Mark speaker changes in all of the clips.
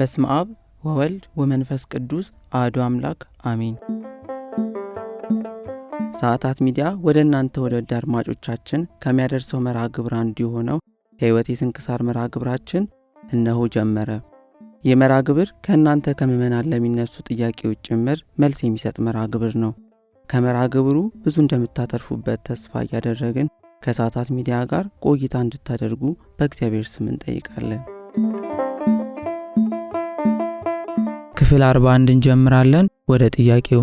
Speaker 1: በስመ አብ ወወልድ ወመንፈስ ቅዱስ አሐዱ አምላክ አሜን። ሰዓታት ሚዲያ ወደ እናንተ ወደ ወደ አድማጮቻችን ከሚያደርሰው መርሃ ግብር አንዱ የሆነው የሕይወት የስንክሳር መርሃ ግብራችን እነሆ ጀመረ። ይህ መርሃ ግብር ከእናንተ ከምዕመናን ለሚነሱ ጥያቄዎች ጭምር መልስ የሚሰጥ መርሃ ግብር ነው። ከመርሃ ግብሩ ብዙ እንደምታተርፉበት ተስፋ እያደረግን ከሰዓታት ሚዲያ ጋር ቆይታ እንድታደርጉ በእግዚአብሔር ስም እንጠይቃለን። ክፍል 41 እንጀምራለን። ወደ ጥያቄው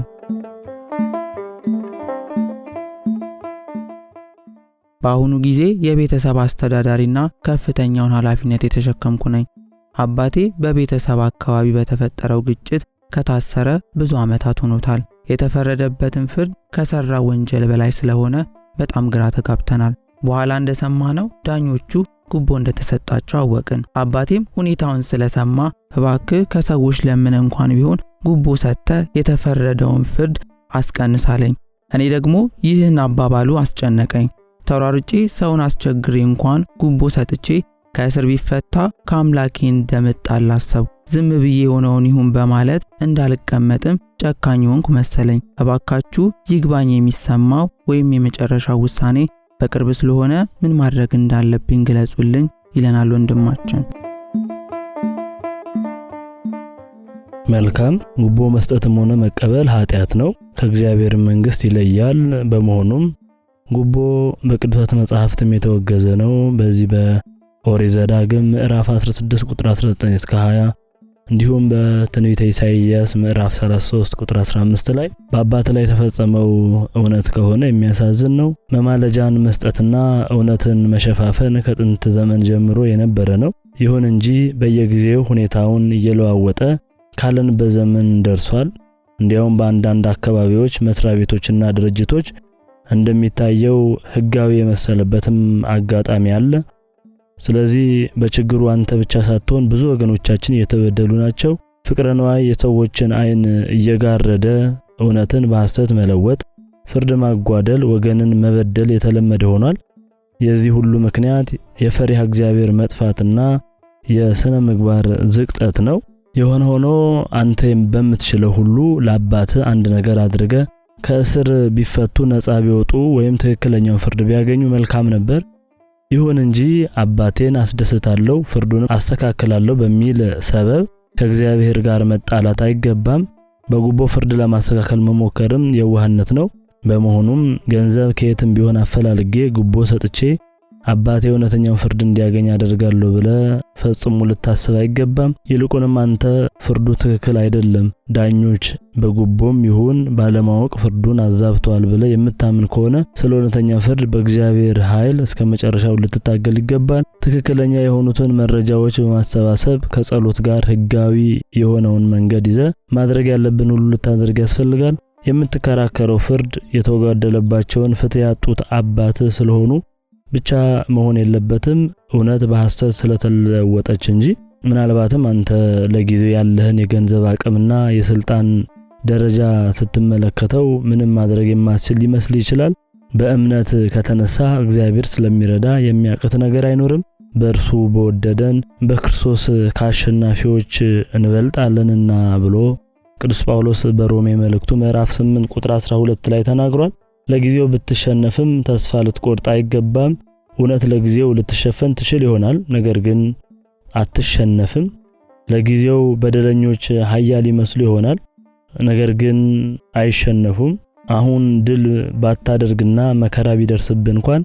Speaker 1: በአሁኑ ጊዜ የቤተሰብ አስተዳዳሪና ከፍተኛውን ኃላፊነት የተሸከምኩ ነኝ። አባቴ በቤተሰብ አካባቢ በተፈጠረው ግጭት ከታሰረ ብዙ ዓመታት ሆኖታል። የተፈረደበትን ፍርድ ከሰራ ወንጀል በላይ ስለሆነ በጣም ግራ ተጋብተናል። በኋላ እንደሰማ ነው ዳኞቹ ጉቦ እንደተሰጣቸው አወቅን። አባቴም ሁኔታውን ስለሰማ እባክህ ከሰዎች ለምን እንኳን ቢሆን ጉቦ ሰጥተ የተፈረደውን ፍርድ አስቀንሳለኝ። እኔ ደግሞ ይህን አባባሉ አስጨነቀኝ። ተሯርጬ ሰውን አስቸግሬ እንኳን ጉቦ ሰጥቼ ከእስር ቢፈታ ከአምላኬ እንደምጣል አሰብኩ። ዝም ብዬ የሆነውን ይሁን በማለት እንዳልቀመጥም ጨካኝ ሆንኩ መሰለኝ። እባካችሁ ይግባኝ የሚሰማው ወይም የመጨረሻው ውሳኔ በቅርብ ስለሆነ ምን ማድረግ እንዳለብኝ ግለጹልኝ ይለናል ወንድማችን።
Speaker 2: መልካም ጉቦ መስጠትም ሆነ መቀበል ኃጢአት ነው፣ ከእግዚአብሔር መንግስት ይለያል። በመሆኑም ጉቦ በቅዱሳት መጻሕፍትም የተወገዘ ነው። በዚህ በኦሪዘዳግም ምዕራፍ 16 ቁጥር 19 እስከ 20 እንዲሁም በትንቢተ ኢሳይያስ ምዕራፍ 33 ቁጥር 15 ላይ በአባት ላይ የተፈጸመው እውነት ከሆነ የሚያሳዝን ነው። መማለጃን መስጠትና እውነትን መሸፋፈን ከጥንት ዘመን ጀምሮ የነበረ ነው። ይሁን እንጂ በየጊዜው ሁኔታውን እየለዋወጠ ካለንበት ዘመን ደርሷል። እንዲያውም በአንዳንድ አካባቢዎች መስሪያ ቤቶችና ድርጅቶች እንደሚታየው ሕጋዊ የመሰለበትም አጋጣሚ አለ። ስለዚህ በችግሩ አንተ ብቻ ሳትሆን ብዙ ወገኖቻችን እየተበደሉ ናቸው። ፍቅረ ነዋይ የሰዎችን አይን እየጋረደ እውነትን በሐሰት መለወጥ፣ ፍርድ ማጓደል፣ ወገንን መበደል የተለመደ ሆኗል። የዚህ ሁሉ ምክንያት የፈሪሃ እግዚአብሔር መጥፋትና የሥነ ምግባር ዝቅጠት ነው። የሆነ ሆኖ አንተ በምትችለው ሁሉ ለአባትህ አንድ ነገር አድርገ ከእስር ቢፈቱ ነፃ ቢወጡ ወይም ትክክለኛውን ፍርድ ቢያገኙ መልካም ነበር። ይሁን እንጂ አባቴን አስደስታለሁ፣ ፍርዱንም አስተካክላለሁ በሚል ሰበብ ከእግዚአብሔር ጋር መጣላት አይገባም። በጉቦ ፍርድ ለማስተካከል መሞከርም የዋህነት ነው። በመሆኑም ገንዘብ ከየትም ቢሆን አፈላልጌ ጉቦ ሰጥቼ አባቴ እውነተኛውን ፍርድ እንዲያገኝ አደርጋለሁ ብለ ፈጽሞ ልታስብ አይገባም። ይልቁንም አንተ ፍርዱ ትክክል አይደለም፣ ዳኞች በጉቦም ይሁን ባለማወቅ ፍርዱን አዛብተዋል ብለ የምታምን ከሆነ ስለ እውነተኛ ፍርድ በእግዚአብሔር ኃይል እስከ መጨረሻው ልትታገል ይገባል። ትክክለኛ የሆኑትን መረጃዎች በማሰባሰብ ከጸሎት ጋር ሕጋዊ የሆነውን መንገድ ይዘ ማድረግ ያለብን ሁሉ ልታደርግ ያስፈልጋል። የምትከራከረው ፍርድ የተወጋደለባቸውን ፍትህ ያጡት አባትህ ስለሆኑ ብቻ መሆን የለበትም እውነት በሐሰት ስለተለወጠች እንጂ። ምናልባትም አንተ ለጊዜው ያለህን የገንዘብ አቅምና የስልጣን ደረጃ ስትመለከተው ምንም ማድረግ የማትችል ሊመስል ይችላል። በእምነት ከተነሳ እግዚአብሔር ስለሚረዳ የሚያቅት ነገር አይኖርም። በእርሱ በወደደን በክርስቶስ ከአሸናፊዎች እንበልጣለንና ብሎ ቅዱስ ጳውሎስ በሮሜ መልእክቱ ምዕራፍ 8 ቁጥር 12 ላይ ተናግሯል። ለጊዜው ብትሸነፍም ተስፋ ልትቆርጥ አይገባም። እውነት ለጊዜው ልትሸፈን ትችል ይሆናል፣ ነገር ግን አትሸነፍም። ለጊዜው በደለኞች ኃያል ይመስሉ ይሆናል፣ ነገር ግን አይሸነፉም። አሁን ድል ባታደርግና መከራ ቢደርስብ እንኳን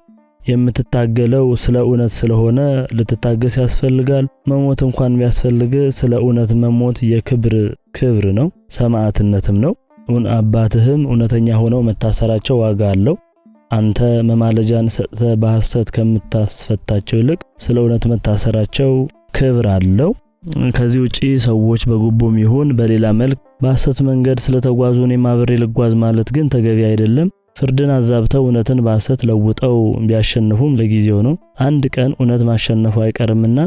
Speaker 2: የምትታገለው ስለ እውነት ስለሆነ ልትታገስ ያስፈልጋል። መሞት እንኳን ቢያስፈልግ ስለ እውነት መሞት የክብር ክብር ነው፣ ሰማዕትነትም ነው። አባትህም እውነተኛ ሆነው መታሰራቸው ዋጋ አለው። አንተ መማለጃን ሰጥተ በሐሰት ከምታስፈታቸው ይልቅ ስለ እውነት መታሰራቸው ክብር አለው። ከዚህ ውጪ ሰዎች በጉቦም ይሁን በሌላ መልክ በሐሰት መንገድ ስለተጓዙ እኔም አብሬ ልጓዝ ማለት ግን ተገቢ አይደለም። ፍርድን አዛብተው እውነትን በሐሰት ለውጠው ቢያሸንፉም ለጊዜው ነው፣ አንድ ቀን እውነት ማሸነፉ አይቀርምና።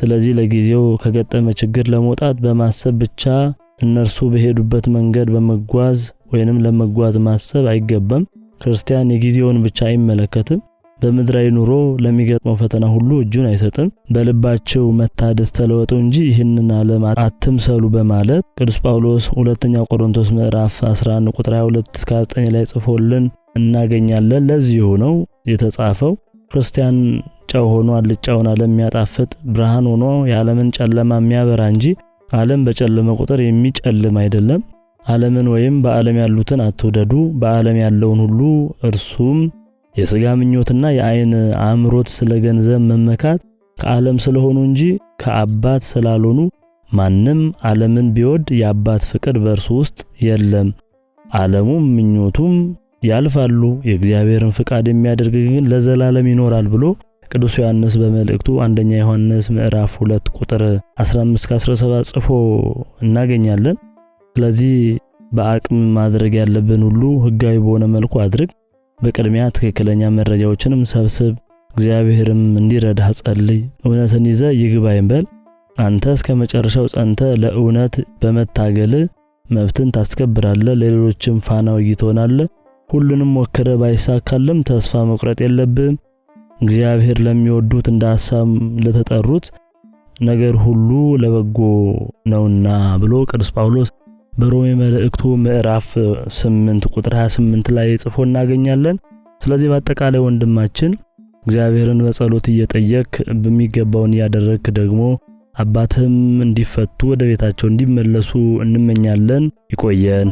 Speaker 2: ስለዚህ ለጊዜው ከገጠመ ችግር ለመውጣት በማሰብ ብቻ እነርሱ በሄዱበት መንገድ በመጓዝ ወይንም ለመጓዝ ማሰብ አይገባም። ክርስቲያን የጊዜውን ብቻ አይመለከትም። በምድራዊ ኑሮ ለሚገጥመው ፈተና ሁሉ እጁን አይሰጥም። በልባቸው መታደስ ተለወጡ እንጂ ይህንን ዓለም አትምሰሉ በማለት ቅዱስ ጳውሎስ ሁለተኛ ቆሮንቶስ ምዕራፍ 11 ቁጥር 22 እስከ 9 ላይ ጽፎልን እናገኛለን። ለዚሁ ነው የተጻፈው ክርስቲያን ጨው ሆኖ አልጫውን ዓለም የሚያጣፍጥ ብርሃን ሆኖ የዓለምን ጨለማ የሚያበራ እንጂ ዓለም በጨለመ ቁጥር የሚጨልም አይደለም። ዓለምን ወይም በዓለም ያሉትን አትውደዱ፣ በዓለም ያለውን ሁሉ እርሱም የሥጋ ምኞትና የአይን አምሮት፣ ስለ ገንዘብ መመካት ከዓለም ስለሆኑ እንጂ ከአባት ስላልሆኑ ማንም ዓለምን ቢወድ የአባት ፍቅር በእርሱ ውስጥ የለም። ዓለሙም ምኞቱም ያልፋሉ፣ የእግዚአብሔርን ፍቃድ የሚያደርግ ግን ለዘላለም ይኖራል ብሎ ቅዱስ ዮሐንስ በመልእክቱ አንደኛ ዮሐንስ ምዕራፍ 2 ቁጥር 15-17 ጽፎ እናገኛለን። ስለዚህ በአቅም ማድረግ ያለብን ሁሉ ህጋዊ በሆነ መልኩ አድርግ። በቅድሚያ ትክክለኛ መረጃዎችንም ሰብስብ፣ እግዚአብሔርም እንዲረዳ ጸልይ። እውነትን ይዘ ይግባ ይንበል። አንተ እስከ መጨረሻው ጸንተ ለእውነት በመታገል መብትን ታስከብራለ፣ ለሌሎችም ፋናው ወጊ ሁሉንም ሞክረ ባይሳካልም ተስፋ መቁረጥ የለብም። እግዚአብሔር ለሚወዱት እንዳሳም ለተጠሩት ነገር ሁሉ ለበጎ ነውና ብሎ ቅዱስ ጳውሎስ በሮሜ መልእክቱ ምዕራፍ 8 ቁጥር 28 ላይ ጽፎ እናገኛለን። ስለዚህ በአጠቃላይ ወንድማችን እግዚአብሔርን በጸሎት እየጠየክ በሚገባውን እያደረግክ ደግሞ አባትም እንዲፈቱ ወደ ቤታቸው እንዲመለሱ እንመኛለን። ይቆየን።